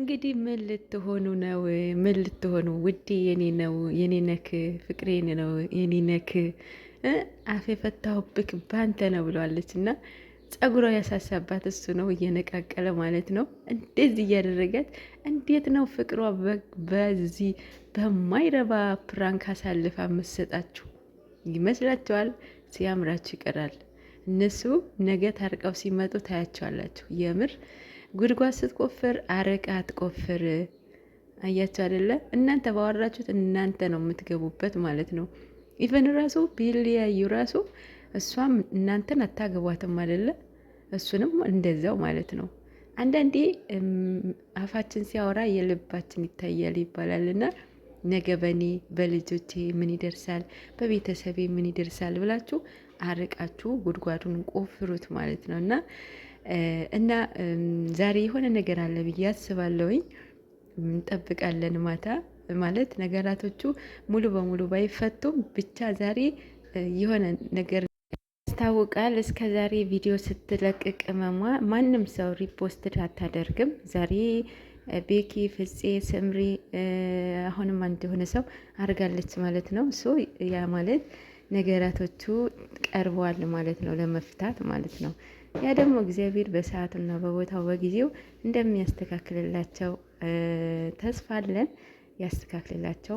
እንግዲህ ምን ልትሆኑ ነው? ምን ልትሆኑ ውዴ? የኔ ነው የኔ ነክ የኔ ነው የኔ ነክ አፍ የፈታሁብክ ባንተ ነው ብለዋለች እና ጸጉሯ ያሳሳባት እሱ ነው እየነቃቀለ ማለት ነው። እንደዚህ እያደረገት እንዴት ነው ፍቅሯ በዚህ በማይረባ ፕራንክ አሳልፋ መሰጣችሁ ይመስላችኋል? ሲያምራችሁ ይቀራል። እነሱ ነገ ታርቀው ሲመጡ ታያቸዋላችሁ የምር ጉድጓድ ስትቆፍር አረቃ አትቆፍር። አያችሁ አይደለ? እናንተ ባወራችሁት እናንተ ነው የምትገቡበት ማለት ነው። ኢቨን ራሱ ቢለያዩ ራሱ እሷም እናንተን አታገቧትም አይደለ? እሱንም እንደዛው ማለት ነው። አንዳንዴ አፋችን ሲያወራ የልባችን ይታያል ይባላልና ነገ በኔ በልጆቼ ምን ይደርሳል፣ በቤተሰቤ ምን ይደርሳል ብላችሁ አርቃችሁ ጉድጓዱን ቆፍሩት ማለት ነው እና እና ዛሬ የሆነ ነገር አለ ብዬ አስባለሁኝ። እንጠብቃለን ማታ ማለት ነገራቶቹ ሙሉ በሙሉ ባይፈቱም ብቻ ዛሬ የሆነ ነገር ያስታውቃል። እስከ ዛሬ ቪዲዮ ስትለቅቅ መሟ ማንም ሰው ሪፖስትድ አታደርግም ዛሬ ቤኪ ፍፄ ስምሪ አሁንም አንድ የሆነ ሰው አድርጋለች ማለት ነው። ሶ ያ ማለት ነገራቶቹ ቀርበዋል ማለት ነው፣ ለመፍታት ማለት ነው። ያ ደግሞ እግዚአብሔር በሰዓቱና በቦታው በጊዜው እንደሚያስተካክልላቸው ተስፋ አለን። ያስተካክልላቸው